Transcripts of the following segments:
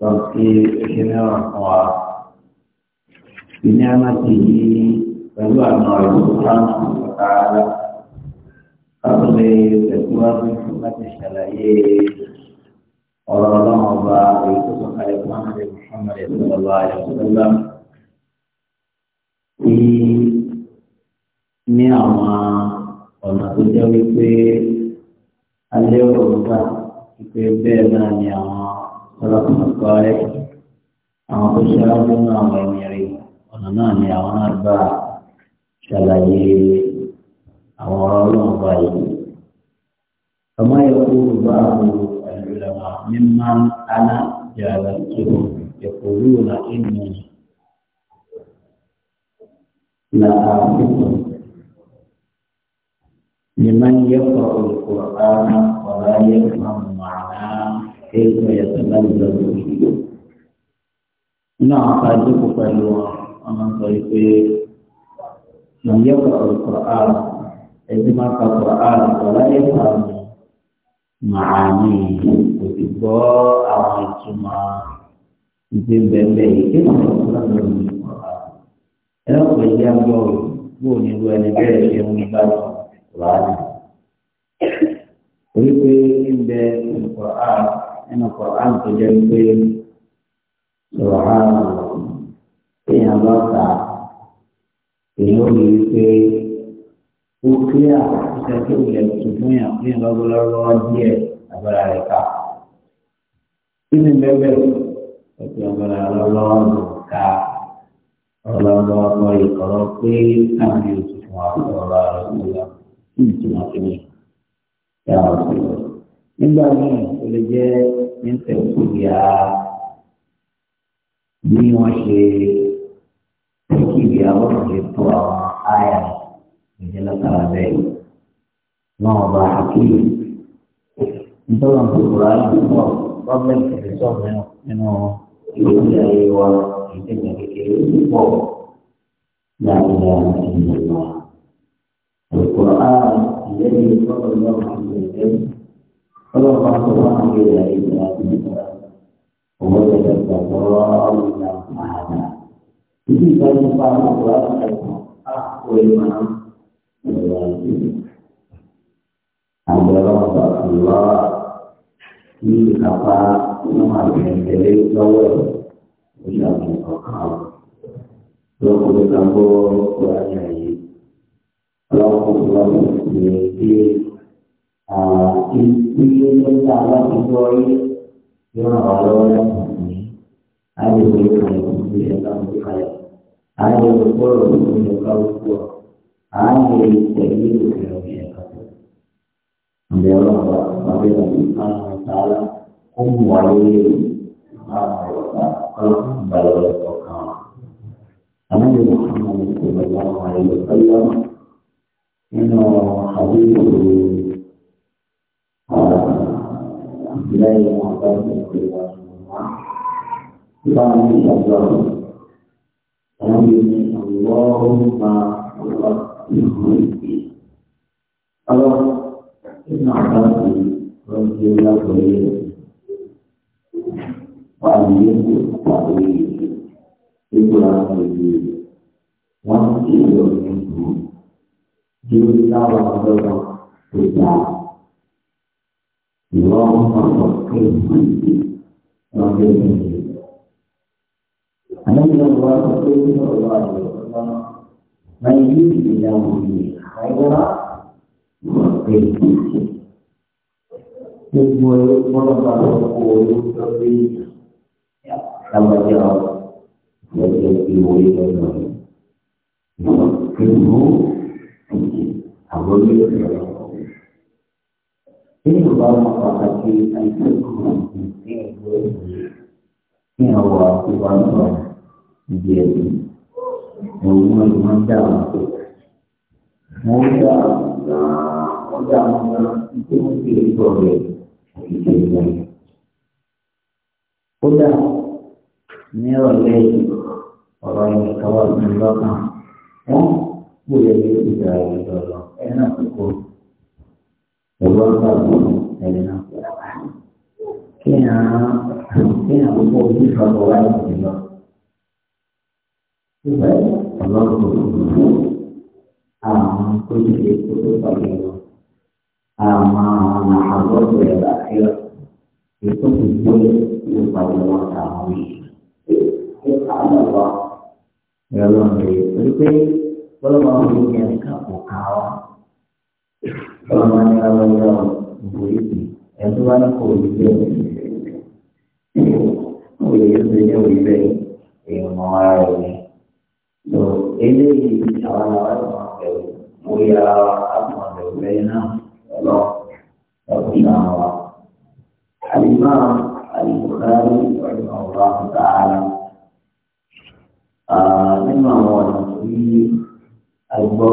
Tapi kenal apa? Ini amat tinggi lalu amal Tuhan Taala. Kalau berbuat berbuat selain orang-orang apa itu kepada Muhammad Muhammad Sallallahu Alaihi Wasallam. Ini amat orang tu jauh itu. Alih orang tu, itu benar ni amat. ọlọ́kùnrin kọ́ rẹ̀ àwọn tó ṣáájú nínú àwọn ẹni rí ọ̀nà náà ni àwọn náà bá ṣàlàyé àwọn ọ̀rọ̀ ọlọ́run báyìí. ọmọ ẹ̀kú bá àwọn ẹ̀rọ mímá aná jàrá tó يقولون إني لآخذ لمن يقرأ القرآن ولا يفهم كيف يتبلد الوجود نعم تعجبك فالوا أنا طريقي من يقرأ القرآن عندما قرأ القرآن ولا يفهم معانيه وتبقى أو الجمعة يتم بأمره كيف يقرأ القرآن أنا أقول يا بول بوني وأنا بيرش يوم بعد القرآن ويقول إن بالقرآن nínú Quran tó jẹ́ pé sọ̀rọ̀ àrùn téèyàn bá ta èèyàn lè rí pé ó kílíà iṣẹ́ tó yẹ tuntun yàn fún yàn lọ́wọ́ lọ́wọ́ díẹ̀ agbára rẹ̀ ká. kí ni bẹ́ẹ̀ bẹ́ẹ̀ ọ̀pẹ̀ agbára lọ́wọ́ ká ọlọ́wọ́ ọmọ ìkọ̀rọ̀ pé káwọn tuntun wà fún ọ̀rọ̀ àrùn ìlú kí ni tí wọ́n fi ní yàrá òṣèlú nígbà míì ó lè jẹ́ níta òkúta bí wọ́n ṣe kí ìyàwó ṣe tó àwọn àyà ìjẹ́ látara bẹ́ẹ̀ náà bá àkíyè nítorí àwọn kòkòrò àdúgbò gọ́ọ̀mẹ̀ntì ti sọ mẹ́rin nínú ìwé ayé wa ìdẹ́gbẹ̀ kékeré púpọ̀ láàrin àwọn ìlú wa. القرآن الذي فضل الله عز وجل Kalau waktu panggil dari berarti Kemudian oh, kita berdoa yang mana Jadi kita panggil Allah dan aku imam Berarti Adalah waktu Allah Di kata Nama yang dari Allah Bisa kita kau Kalau kita kampung Kalau kita kampung Kalau kita kampung iye tó ń ta aláàbò yìí yóò ràn wá lọ́wọ́ láti ní ayé òwe kalẹ̀ òkú yẹn ká òkú kalẹ̀ ayé òkúrò òkú yẹn ká òkú ọ̀ ayé tẹ̀lé òkè òkè yẹn ká ǹjẹ́ ọlọ́run bá bàbá ìlànà ìfọ̀n àwọn sàálà ó mú wa lórí ìfọ̀n àwọn ọ̀gá ọlọ́run bá lọ́wọ́ ọ̀kan wa. àwọn ìlú kan ń إليه وعباده وعباده اللهم الله ابن عباس رضي الله عنه وعليه التأويل إبراهيم وانتي يوم يوم يوم يوم يوم يوم lo có một cái hoàn thiện lo cho mình anh ấy lo lo cho tôi lo lo lo mấy thứ gì đâu thì hãy đó một cái hoàn thiện nhưng mà có là bà nội của tôi đi làm bây giờ để cho đi mua đi rồi rồi cái mũ anh chị thảo luận với Ini berbau mengkonsumsi alkohol ini ini awal tuan tuan dia ini mengumumkan manja manja manja itu mungkin itu dia itu dia Udah ni oleh orang yang kawal mendoakan, oh boleh dia tidak ada, enak cukup. nó Luego alguno deben adorar. ¿Qué ha, à ha podido adorar al Señor? Y bueno, hablando con mà niños, a crucifijo tu camino, a majador de la tierra, y tú là tu padre cái morir. ¿Qué là Yo lo digo, porque, bueno, vamos a ir a la capa, ọlọ́mọ ní ara ọ̀rọ̀ òwò èdè ẹ̀sùn wá ní kò rí bẹ́ẹ̀ òwò èdè ní òwò bẹ́ẹ̀ èèmọ̀ ara rẹ̀ ni. lọ eléyìí àwọn ará ọ̀rọ̀ ẹ̀rù mo yà àwọn ẹ̀rù bẹ́ẹ̀ náà lọ ẹ̀kú náà wà. àlùmọ́ àlùkùránì ọ̀rọ̀ ọ̀rọ̀ àkùtà ara nínú àwọn ọ̀nà tí a gbọ́.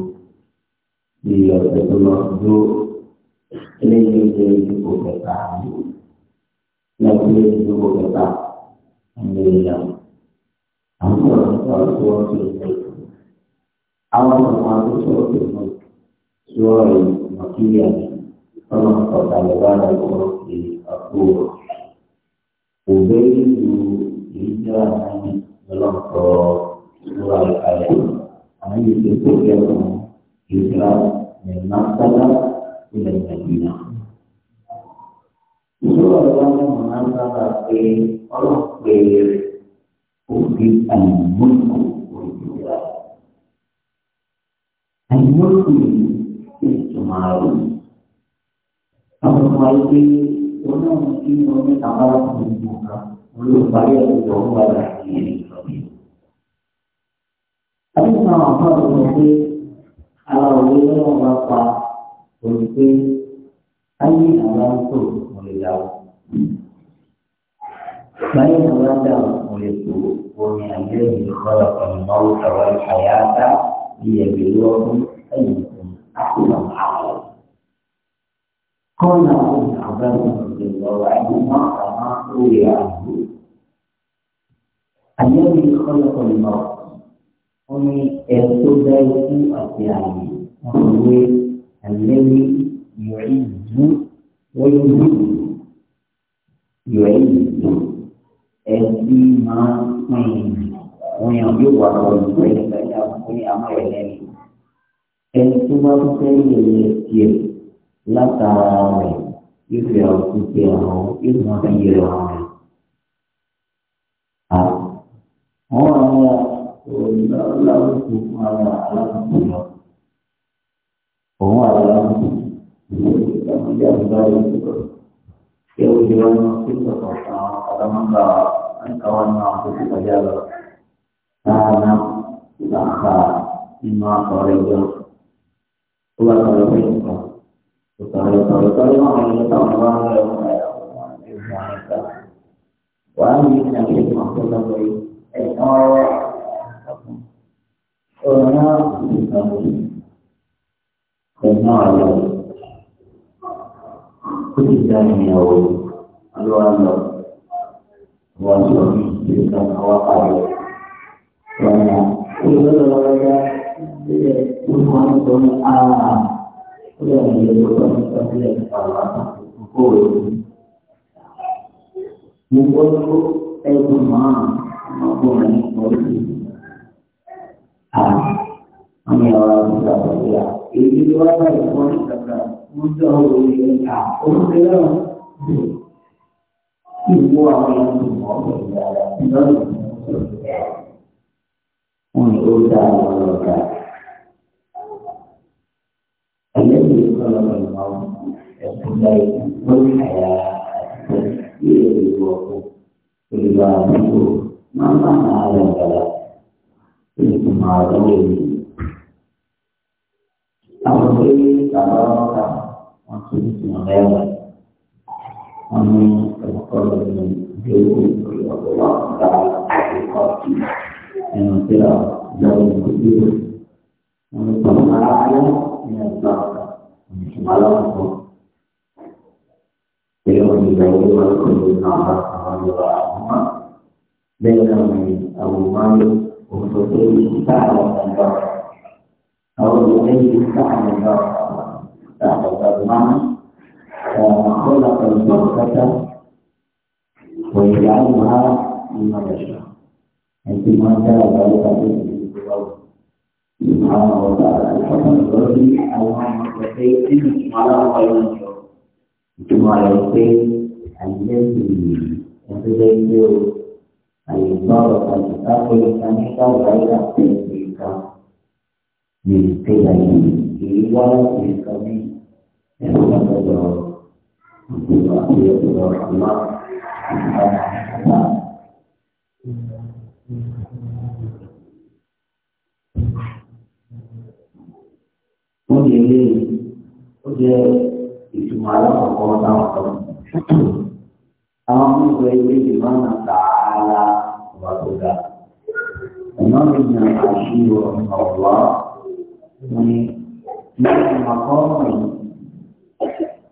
di ọ̀sẹ̀ tó lọ dúró eléyìí ṣe ìdìbò kẹta àbí lẹ́gbẹ̀ẹ́ ìdìbò kẹta ẹ̀mí ìyàwó. Àwọn ọ̀rọ̀ sọ̀rọ̀ tí wọ́n ti ń bọ̀. Àwọn ọ̀rọ̀ tó sọ̀rọ̀ tó mọ̀ sí ọ̀rọ̀ ìmọ̀kíyà ọ̀nà ọ̀tàlẹ̀ wà lọ́wọ́ ti àbúrò. Òbẹ́ ìlú ìjọ àmì lọ́lọ́kọ̀ọ́ ìwà ìkàlẹ̀. Àwọn ìṣèkò kẹ́kọ̀ọ́ hijrah dari Makkah ke Madinah. Itu adalah yang mengantar kaki Allah Bir Ubit Al-Mulku Al-Mulku ini Cumaru Namun kemarin ini Tuhan mungkin Tuhan sama Tuhan Buka Belum bayar Tuhan Bagaimana ini Tapi Tuhan Tuhan Tuhan ara òwe lọ́wọ́ bá pa òní pé ayé àwọn àtò mo lè dà o báyìí àwọn àdá mo lè tó omi àgbẹ̀ yìí kọ́lá kan náwó tàwa àyà dá ìyẹ̀bẹ̀ lọ́dún ẹ̀yìn kan àkùnà àwọn. قال ابن عباس رضي الله عنهما كما روي عنه الذي خلق الموت wọ́n ní ẹni tó bá ikú àti ààyè wọ́n fi wé àlẹ́lẹ́ ìrẹ́ ìlú wọ́n yóò ìrẹ́ ìlú ẹbí máa pín in wọ́n yàn yóò wà lọ ìgbẹ́ ìgbẹ́ yà fún àwọn ẹ̀rẹ́ ẹni tó bá fẹ́ yẹ̀yẹ̀ tiẹ̀ látara rẹ̀ yóò fi àwọn kúkẹ́ àwọn àwọn àwọn cũng là là yang dari kewajiban kita pada mangga kawan mampu kita jaga karena kita lima kolega dua kolega kita kalau kalau mau kita orang yang kita wanita yang kita mampu lagi eh ọ̀nà ìgbàgbọ́ ọ̀nà àlọ́ ó ti dá ìyàwó alọ́ àlọ́ wọ́n sọ ìgbà àwọn àlọ́ ọ̀nà ìgbàlọ́wọ́dá ilé olùwọ́n sọ ní ara ó yà ní ilé tó ń sọ sílẹ̀ ìpàlọ́ àkókò rẹ̀ mo gbọ́ tó ẹgbẹ̀rún márùn-ún ọgbọ̀n ní ọdún. Kami orang sudah berbeda. Ini dua kali kami kata mudah ini aku dia. Ibu aku yang semua berbeda. Tidak berbeda. Untuk dalam mereka. Ada di kalau memang sudah berkaya. Ia ibu aku. Ibu aku. Mama ada kalau mà cái gì sau khi cả đó cả con xin mà leo lại con nghe cả một con người mình thiếu cũng bị ở cái đó cả ai cũng có nhưng mà cái đó giờ mình cũng yêu nhưng mà còn mà lại đó nên là đó mà lo không thì mình dạy cái đó cũng được nó là nó là đây là mình ở ngoài وتطيل سعر البر أو يطيل سعر البر سعر الضمان خلق البركة ويجعلها لما يشاء عندما ترى ذلك بإذن الله سبحانه وتعالى الحكم الربي الله مستقيم على خير ثم يقيم الذي يتذكر الإضافة لفقر الفميد غير تلك من قبل إيوة الفميد يوم تدعو الله يدعو الله سبحانه وتعالى ó lè lé ó jẹ ìtumọ̀ alákọ̀ọ́kọ́ táwọn kan àwọn ọmọ ìgbà ilé ìmáà náà tàá تعالى وتعالى الإمام ابن العشير رحمه الله يعني من مقام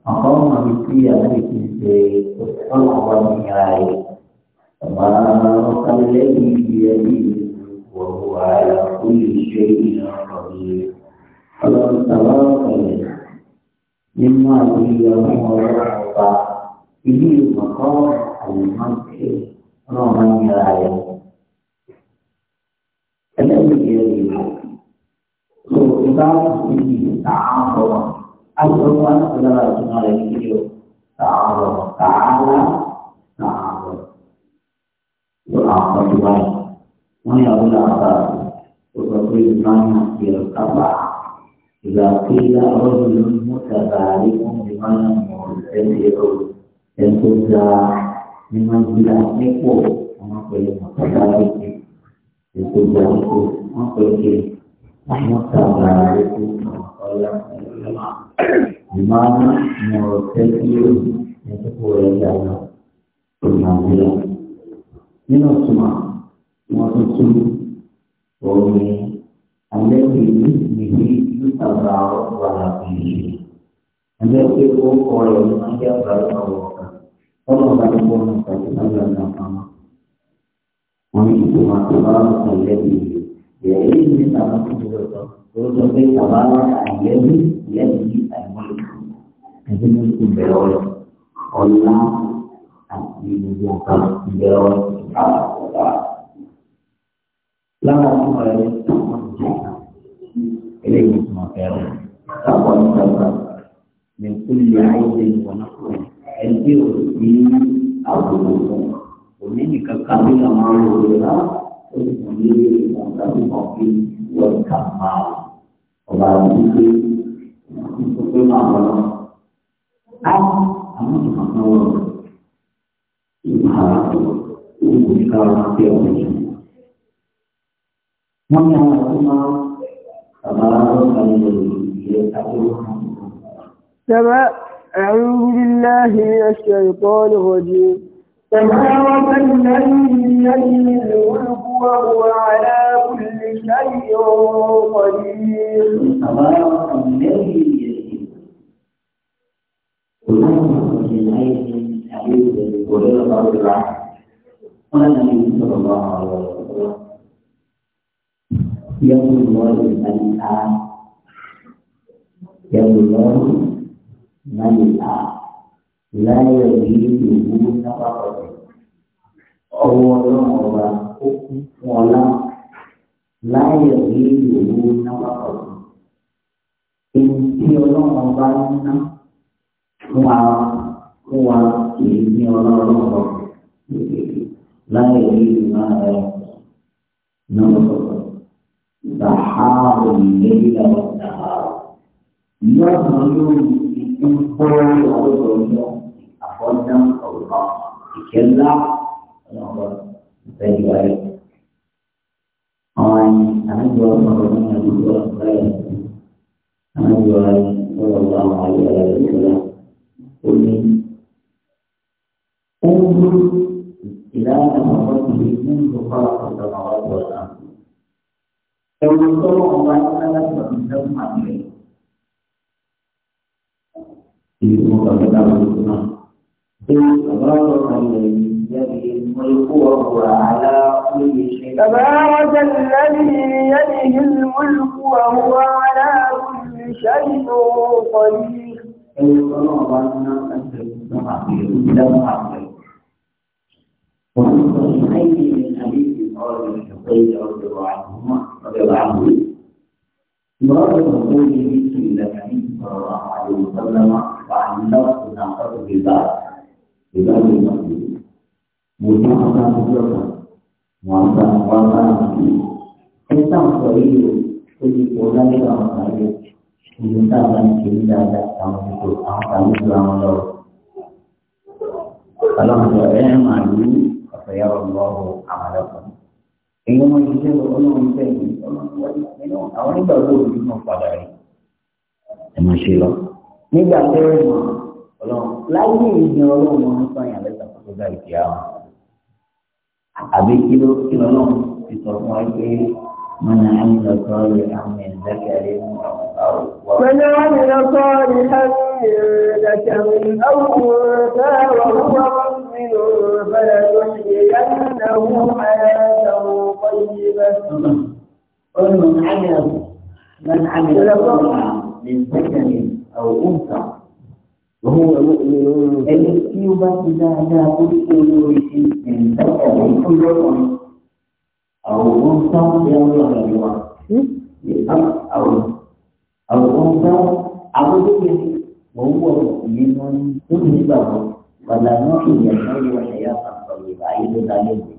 مقام في التي تطلع من عليه تبارك الذي بيده وهو على كل شيء قدير فلم تبارك مما به ان الله به المقام المنكر orang yang lain. Kena begini. So, kita mesti tahu apa adalah tujuan hidup. Tahu, tahu, tahu. Bukan apa tujuan. Mana yang bukan apa? Bukan tujuan yang kita Jika tidak berjumpa dengan mereka, mereka akan mengalami kesulitan. ni máa ń gbéra nípò àwọn pẹ̀lú àkàrà ètò ètò ìgbà ètò wọn pẹ̀lú kí wọn sábà ètò ọ̀la ìmáàmù ní ọ̀rọ̀ tẹ́kíyó ní kókó rẹ̀ yára ìmọ̀lẹ́yà. nínú ìtumọ̀ wọn tún tún òun ni alẹ́ ìlú nìyí ló sábà ọ̀rọ̀ àbí ẹgbẹ́ pé ó kọ ẹ̀ ní ọjọ́ ìgbà lọ́wọ́. tọ́lọ̀ bá tó bọ́ọ̀lù pàtó lọ́jọ́ ọ̀nà pamọ́. wọ́n ní ìlú máa tó bá wọn kàn lẹ́bi ìyẹ̀yẹ́ yìí ní bàbá tó ti lọ sọ orúkọ pé bàbá wa àìlẹ́bi lẹ́bi àìmọ́lẹ̀ ẹ̀dí ní ìbẹ̀rẹ̀ ọ̀rọ̀ ọ̀la àti gbogbo nǹkan ìbẹ̀rẹ̀ ọ̀rọ̀ lára fún ọ̀rẹ́ tó wọ́n ti ẹgbẹ́ òní àbúrò fún òní nìkan kábí àwọn olóore rà ó sì fún yé ìwọ̀n tàbí kan fi wọ́n kà máa ọba àdúgbò tó pé máa wọ́n lọ. á àwọn ìmọ̀ kan wọ̀ ìmọ̀ ara tó kò ní ká wọn pé ọ̀rọ̀ yẹn. wọ́n ní àwọn tó máa bàbá aláwọ̀ kan lè yẹ ká tó wọ́n. أعوذ بالله من الشيطان الرجيم تبارك الذي بيده الملك وهو على كل شيء قدير تبارك الذي يقول الله يقول الله náyìlá láyé ìlú ìlú nápapọ̀ ọwọ́ ọlọ́run ọba ó kún fún ọlá láyé ìlú ìlú nápapọ̀ ẹni tí ọlọ́run ọba ń ná fún wa fún wa kì í ní ọlọ́run ọba láyé ìlú náà ẹ̀ nápapọ̀ sàhárò ìlú ìlú ọ̀dà yóò hàn lórí. يقول وعوده أخونا أو الله يكلا ونعبر بين ذلك أنا أنا جوا مرنا جوا غير أنا جوا صلى الله عليه وسلم قل انظر إلى أمره منذ خلق السماوات والأرض لو نصر الله لم يكن تبارك الذي يده الملك وهو على كل شيء قدير من حديث عمر بن الخطيب رضي الله عنهما رضي الله عنه مراد الله الله عليه وسلم فالنفس نعقد بالبعض ببعض المسجد متعقد بالبعض وعطا وعطا حتى الصغير كل قولان الأمثال Minta dan cinta dan kamu itu kamu bilang lo. Kalau saya maju, saya Allah amalakum. Ini mau jadi orang orang ini, orang orang ini baru di mana pada ini. Masih loh. nígbà tó ń mọ ọlọ́run láyé ìgbìn ọlọ́run máa ń sọ yàn lẹ́sà tó tó dáì mi àbí kí ló kí bẹ́ẹ̀ tó ọlọ́run ti sọ fún wa pé mọ̀nà àmì lọ́sọ̀ rẹ̀ àmì ìdákẹ́rẹ́ mú àwọn ọ̀rọ̀ wọ́n. mọ̀nà àmì lọ́sọ̀ rẹ̀ àmì ìdákẹ́rẹ́ mú àwọn ọ̀rọ̀ فلنحيينه حياة طيبة ومن عمل to عمل من ذكر أو أنثى وهو مؤمن التي يبدأ لا تدخل بشيء ذكر كل رقم أو أنثى يوم الجمعة أو أو أنثى أو ذكر وهو مؤمن تذهبه ولا نحيي الحي وحياة طيبة أي ذلك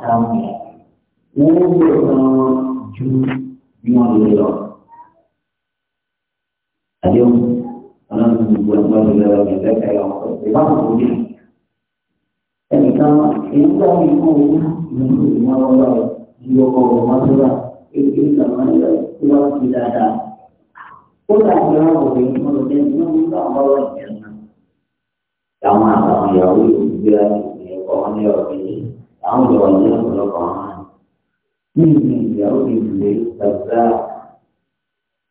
kami untuk menuju dunia. Ayo, orang buat buat negara kita kaya orang berbangun. Dan kita entah di mana menuju mana dia kau mana lah itu sama dia tidak tidak ada. Kita tidak boleh menurutnya kita tidak boleh. Jangan orang yang dia dia kau hanya orang àwọn ọ̀dọ́ ní ọ̀pọ̀lọpọ̀ àwọn àná níbi ìyàwó ìdílé làbdá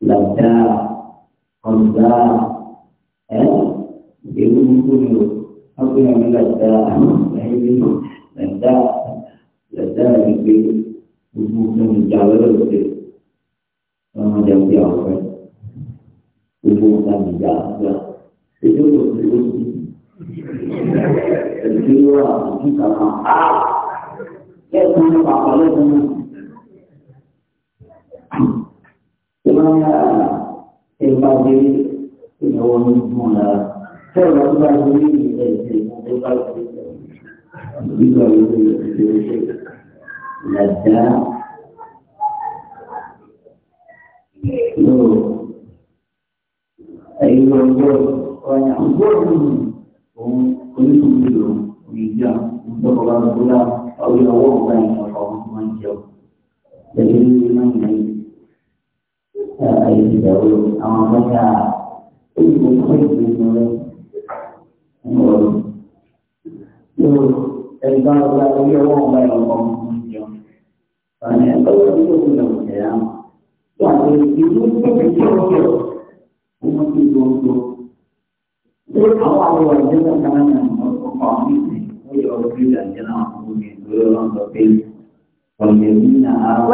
làbdá ọ̀dá ẹ̀ èlú gbogbo ni o wọ́n pè ní làbdá ẹ̀yìn làbdá làbdá ni pé gbogbo fún ìjà lọ́dọ̀ ṣe ọmọdé ọdẹ ọ̀fẹ́ gbogbo fún ìjà lọ́dọ̀ ṣe tó kò sí ó sì ẹ̀sìn wà ní kàkà áà. lẹ́sùn pàpọ̀ lẹ́sùn náà. Ìmọ̀lá ìgbà gbé ìnáwó ní ìgbọ̀n náà. Sọ̀rọ̀ tó bá gbé ìgbà ìgbà ìgbà ìgbà ìgbà ìgbà ìgbà 后来我不管了，不管不管了，因为什么原因？在外地待然后剩下一直混日子。然后就大家越来越忘本了，不管不管了，反正都是做不起来嘛。赚的比你更少的，我们去说说。因为桃花源现在相当于什么什么房地产、物流、水产、电 والذين آمنوا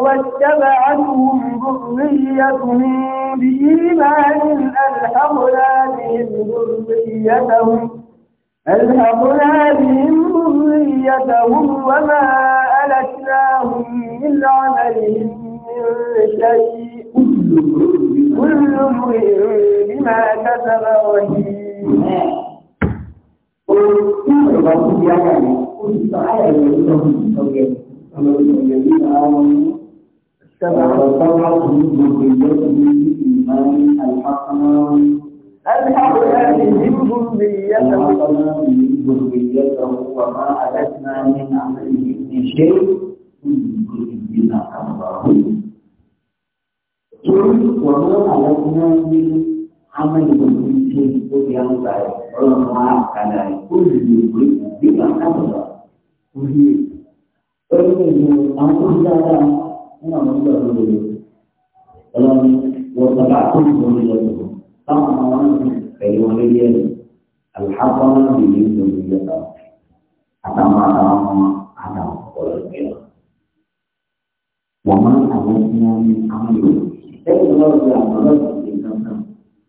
واتبعتهم ذريتهم بإيمان ألحقنا بهم ذريتهم ألحقنا بهم ذريتهم وما ألتناهم من عملهم من شيء كل امرئ بما كسب رهين ìjọba tó di ayà yẹn ó ti sọ ayà yẹn ní ọdún ìtọ́jẹ ọmọ ìtọ́jẹ nígbà àwọn sábà ọ̀tọ́wọ́ tó ń gbogbo ìjọba ní ìgbà ní àlùfáàmọ́. الحق أهلهم ذريتهم ذريتهم وما ألتنا من عمله من شيء بما أمره قل وما ألتنا من عمل بالدين كل يوم بعد علماء على كل يوم بما حصل وهي فإنه أنقذ هذا أنا مصدر له ولم وتبعتم ذريته طبعا وانا في ولي الحقن بدين ذريته أتما أتما أتما ولكن وما أمتنا من عمله فإن الله يعمل بالإنسان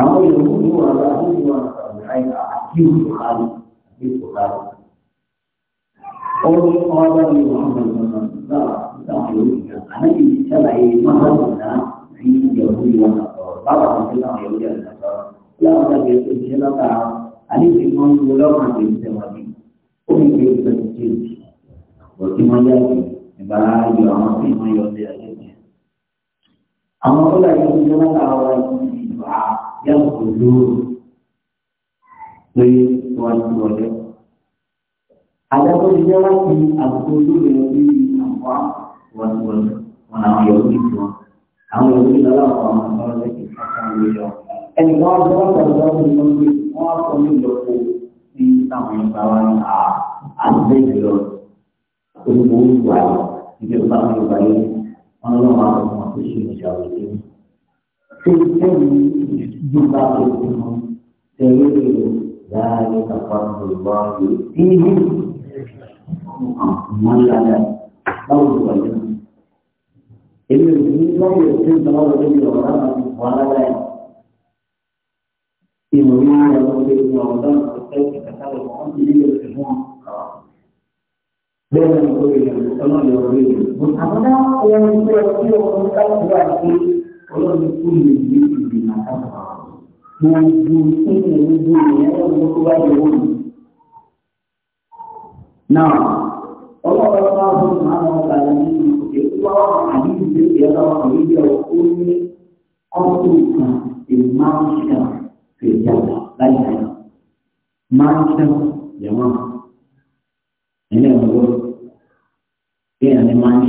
àwọn yòókù ní wọn bá ní wọn àtàwọn àti ìfòkàlù àti ìfòkàlù. ó ní wọn bá ní wọn bá ní wọn náà láwọn yòókù náà ànábì ti sàlàyé máhàlù náà ní ìyàwó ìwọn àtọ̀rọ̀ bábà wọn ti láwọn yòókù náà àtọ̀rọ̀ láwọn dàbí ẹgbẹ́ ìṣẹ́ lọ́ta àníbi wọn ń lo lọ́kàn tó ń tẹ̀wọ̀n ní ó ní kí ẹgbẹ́ ti ṣe èjì òtí wọn yá ìgbà ìgbà yọ àwọn tí wọn yọ ọdẹ àyẹ̀kẹ́ àwọn ọlọ́dà yìí ń yàgòdò pé wọ́n ti wọlé. Àdàkọ́ ìjọ láti àkókò olóògbé ẹbí àpá wọ́n ti wọlé wọn àwọn yòó ní tiwọn. Àwọn yòó ní lọ́la ọ̀pọ̀ àwọn ọ̀rọ̀ lẹ́kì fọ́nká ní ìjọ. Ẹnì kan wọ́n ti wọ́n sọ̀rọ̀ lọ́wọ́ ní wọ́n gbé wọ́n wá sọ ní ìlọ́po sí táwọn ìgbà wa ní à àti ìjọ olùkọ́ olùwà ìjọba olùwà yìí wọ́n lọ́wọ́ àwọn ọmọ tó ṣe ìjà òṣèlú. kecil juga itu sendiri dari kafirullah ini mana tahu saja ini mungkin kita semua orang orang orang ini mungkin ada orang orang orang orang orang orang orang dengan kuliah, kalau dia kuliah, mungkin apa dah yang dia kuliah, mungkin apa dia kuliah. ọlọ́run kú lè ní ìdè ndị gbogbo sínú gbogbo ìyẹn lọ́wọ́ tó bá wọ́n. náà ọlọ́run máa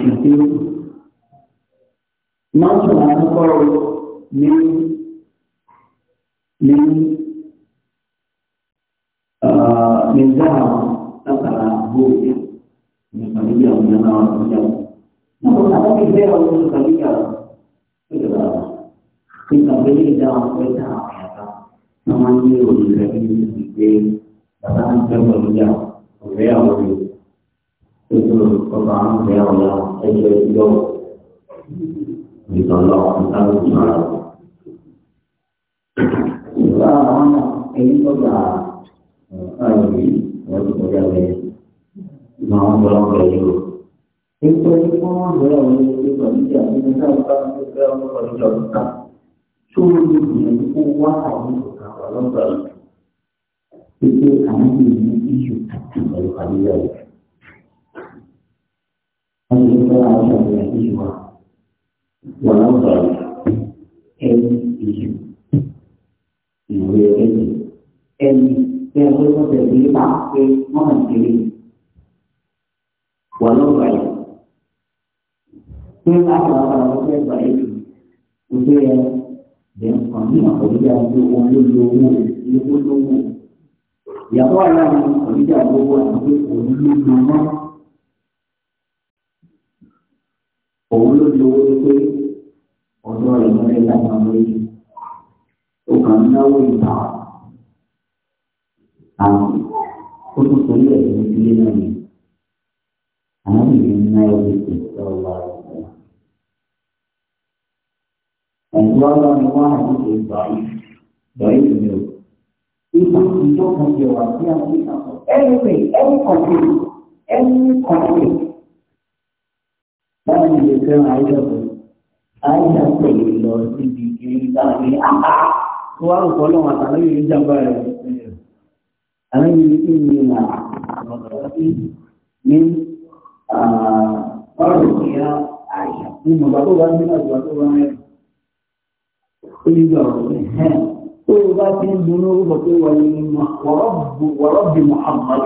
ń ní Ờ, là một câu ra mà bây giờ mọ́tò àwọn kọ́rọ̀ ní ní ní dáhà látara góòlù ní kàlíyà òun náà wà ní ìyàwó. Wọ́n kò sábà fi bẹ́ẹ̀ ọdún ní kàlíyà ìjọba ní kàlíyà ìdáhà pé dáhà àyàká ní wọ́n ní òun rẹ̀ ní ìgbé bàbá ń fẹ́ pẹ̀lú ìyá ọ̀rẹ́ àwọn ọ̀rẹ́ tó tó ọba àwọn ọ̀rẹ́ àwọn ẹgbẹ́ ìjọba. ditolong kita bersalah. Kita ini sudah eh, ini waktu sudah mau belum belajar. Itu itu belum itu kerja kita akan kita akan kerja kita. Sulit yang kuat itu kalau belum itu anak ini isu kata kalau kalian. Walaupun M itu Ibu M M yang itu jadi pakai mohon ìmọ̀lẹ́ láwọn ọmọdé ó kàn ń náwó ìta àwọn ó tún torí ẹ̀sìn ìdílé náà ni àwọn ènìyàn ń ná ẹ̀rọ ìpè lọ́wọ́ ọ̀rọ̀ ẹ̀sìn ọlọ́run wá àdúgbò ìgbàlú lọ́yìn ìlú ìgbà ìjọ kan jẹ wà sí àwọn ìtàkùn ẹ̀rọ ẹ̀rọ kọ̀ọ̀kan ẹ̀rọ kọ̀ọ̀kan láti lè fẹ́ràn ayélujára àìsàn pè é lọ síbi kiri táwọn ní àbá tó wà rò fọlọ́ wọn àtàlẹ́ yìí jàmbá rẹ̀ àwọn yìí kí ni là ní ọ̀rọ̀ ìyá àìsàn ní mọ̀gbà tó bá ní àgbà tó bá rẹ̀ ó ní gbà ọ̀rọ̀ ẹ̀ tó o bá ti ń dunú orúkọ tó wà ní wọ́rọ́bì Muhammad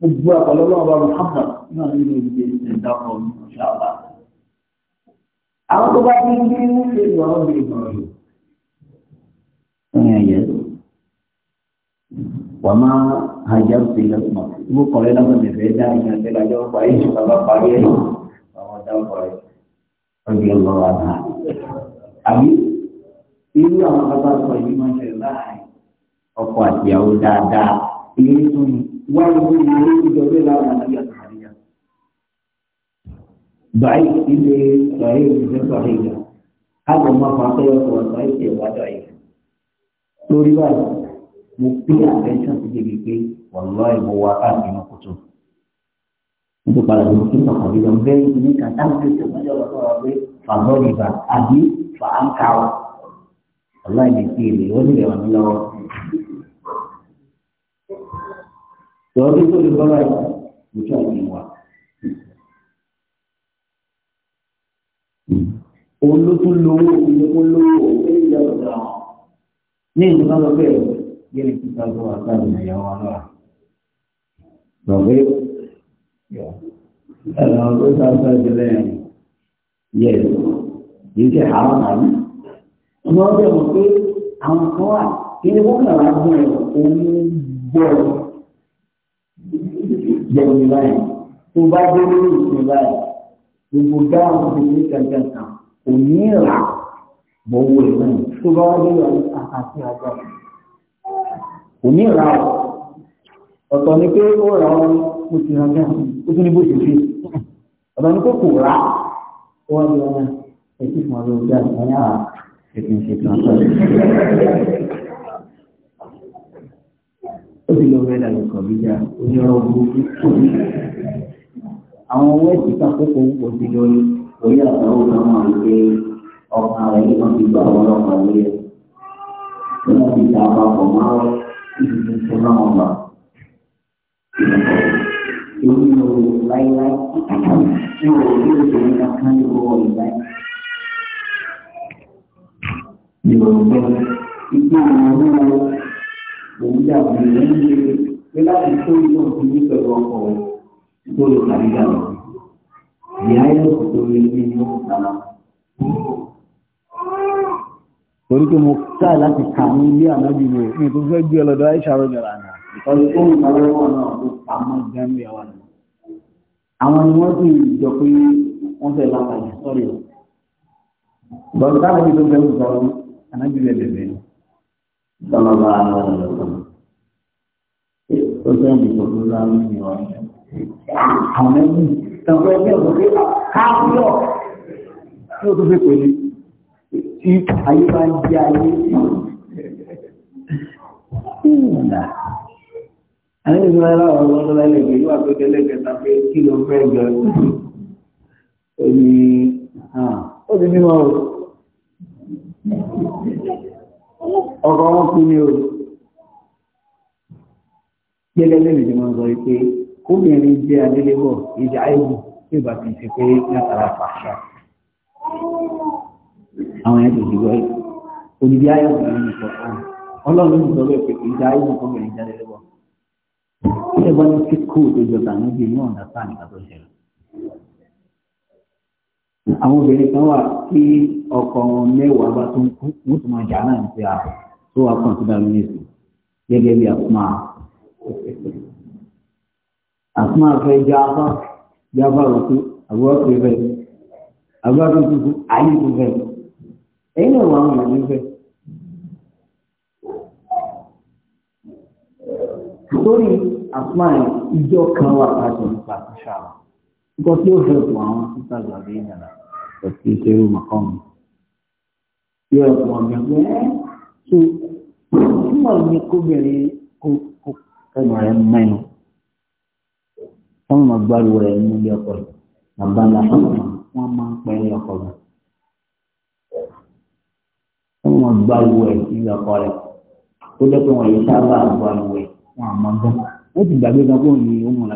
gbogbo àpàlọ́lọ́wọ́ bá Muhammad náà nínú ìdíje ìdáwọ̀ ọ̀ṣà ọ̀la àwọn tó bá ti ń bí ń ṣe lọ bí ìmọ̀ràn ẹ̀yìn ẹ̀yẹ wà máa hajjá sí lọ́sùmọ̀ ìwọ kọ̀ọ̀rẹ́ lọ́sùn mẹ́fẹ́ dá ìyàn tẹ́lẹ̀ àjọ parí ìṣù bàbá parí ẹ̀ àwọn ọ̀dà ọ̀rẹ́ ọ̀dì ọlọ́wọ́ àná àbí irú àwọn bàbá sọ yìí máa ń ṣẹlẹ̀ láàárín ọkọ àtìyàwó dáadáa èyí tún wáyé ní ilé ìjọba Baik ini, Baik من Baik هذا ما فاطمة هو ضعيف هو ضعيف lórí Baik mo pé attention ti débi pé wàláì mo wá káàkiri náà kò tó pada padà ló kí nǹkan kọ̀ọ̀dé ini, kata ní kàtà ní oṣù mọ́jọ́ lọ́wọ́ sọ̀rọ̀ pé fàgbọ́ ìbà àbí fàáńkà wa wàláì lè fi èrè wọ́n sì lè wà mí lọ́wọ́. òun ló tún lówó ìlú kó lówó òun ìyá ọ̀dà wọn. ní ìjọba lọ bẹ́ẹ̀ yẹ ní kíkà tó wà sáà ní ìyàwó ọlọ́wà. lọ́gbẹ́ ẹ̀rọ ló sáfẹ́ ìdílé yẹ kì í ṣe àwọn àmì. wọ́n bẹ̀ mọ̀ pé àwọn kan wà kí ni wọ́n kàn láti bọ̀ òun gbọ́ jẹ̀mí báyìí tó bá dé lórí ìsinmi báyìí gbogbo dáhùn tó ní kankan kan kò ní ẹ̀rọ gbọ́wọ́ ẹ̀rọ tó bá wá lórí àti àgbà kò ní ẹ̀rọ ọ̀tọ̀ ni pé ó rà ọ́ mo ti rà náà ó tún ní bó ṣe fi ọ̀tọ̀ ni pé kò rà ó wá lórí ọ̀nà ẹ̀sìn fún ọdún ọjà ìpínlẹ̀ àrà ẹ̀sìn ṣe kan sọ̀rọ̀. ó sì lọ rẹ̀ lálẹ́ kọ̀ bí já onírọ̀ burúkú àwọn owó ẹ̀sìn kakókò wọ́n ti lọ rí torí àtàwọn kan máa ń gbé ọkàn rẹ̀ nígbà tí gbà wọ́n lé ẹ̀. Nígbà tí ìjà àpapọ̀ máa ń tìjú tó tó náà wọn bà. Èyí ni o láíláí tí o rí òṣèré kankan ní owó ìgbà yìí. Yorùbá ìgbà àwọn ọmọ òun dàbí lẹ́yìn pé láti tó ìlú òfin ní pẹ̀lú ọkọ̀ òun tó lè kàrí dàrú ìyá yóò sì tó rí ilé ní òun sára. torí pé mo ká láti kà ní ilé ànábì mi ní tó fẹ́ gbé ọlọ́dọ̀ àìsà rẹ̀ jọra nà. ìtọ́jú tó ń sọ̀rọ̀ wọn náà tó pamọ́ gẹ́mí àwọn ni. àwọn ni wọ́n sì jọ pé wọ́n fẹ́ lápá yìí sọ́rí o. bọ̀dọ̀ táwọn ibi tó fẹ́ sọ̀rọ̀ ànábì rẹ̀ bẹ̀rẹ̀ ni. bá a lọ lọ sọ. ó sẹ́yìn ìṣòro láwọn ènìyàn àwọn ẹgbẹ́ ìtàwọn ah, àwọn ìlú ẹ̀rọ ọ̀rọ̀ ọ̀rọ̀ ẹlẹ́gbẹ̀ẹ́ yóò àgbẹ̀ ẹlẹ́gbẹ̀ẹ́ tàbí kí ló fẹ́ jọ ó ní ah, ó ti mímọ́ o ọkọ̀ wọn kú ní o gẹ́gẹ́ lẹ́nu kóbìnrin jẹ́ adélébọ̀ ìjà àìbù tí ìbá ti ṣe pé látara fàṣà àwọn ẹ̀jẹ̀ ìdìbò ẹ̀ òdìdí ayọ̀ kan ní ìfọ̀kàn ọlọ́run ní ìjọba ìpè ìjà àìbù kóbìnrin jẹ́ adélébọ̀ ilé ẹ̀bọ́n ní kí kó òdodo tà níbi ní ọ̀nà sáà nígbà tó ṣẹlẹ̀ àwọn obìnrin kan wà kí ọkọ wọn mẹ́wàá bá tó ń kú wọ́n tún máa jà náà ní pé a tó wà kàn tó dá lóyún èsì gẹ́gẹ́ bí àkúmá Asma fẹ́ Jafar, Jafar òkú, àbúrọ̀kùn fẹ́, àbúrọ̀kùn tuntun, ayé tó fẹ́. Ẹ̀yin náà wà wọn àmì fẹ́. Sórí Asma ìjọ kan wà láti nípa àtúnṣà na Nǹkan tí ó fẹ́ fún àwọn títà ìgbàgbé ìyàrá wọ́n mọ̀ gbárù rẹ̀ nínú ilé ọkọ̀ rẹ̀ bàbá làwọn wọ́n máa ń pẹ́ ilé ọkọ̀ rẹ̀ wọ́n mọ̀ gbárù rẹ̀ ilé ọkọ̀ rẹ̀ ó jẹ́ pé wọ́n yìí sábà gbárù rẹ̀ wọ́n àmọ́ gbọ́n ó ti gbàgbé gan kó ní ó mọ̀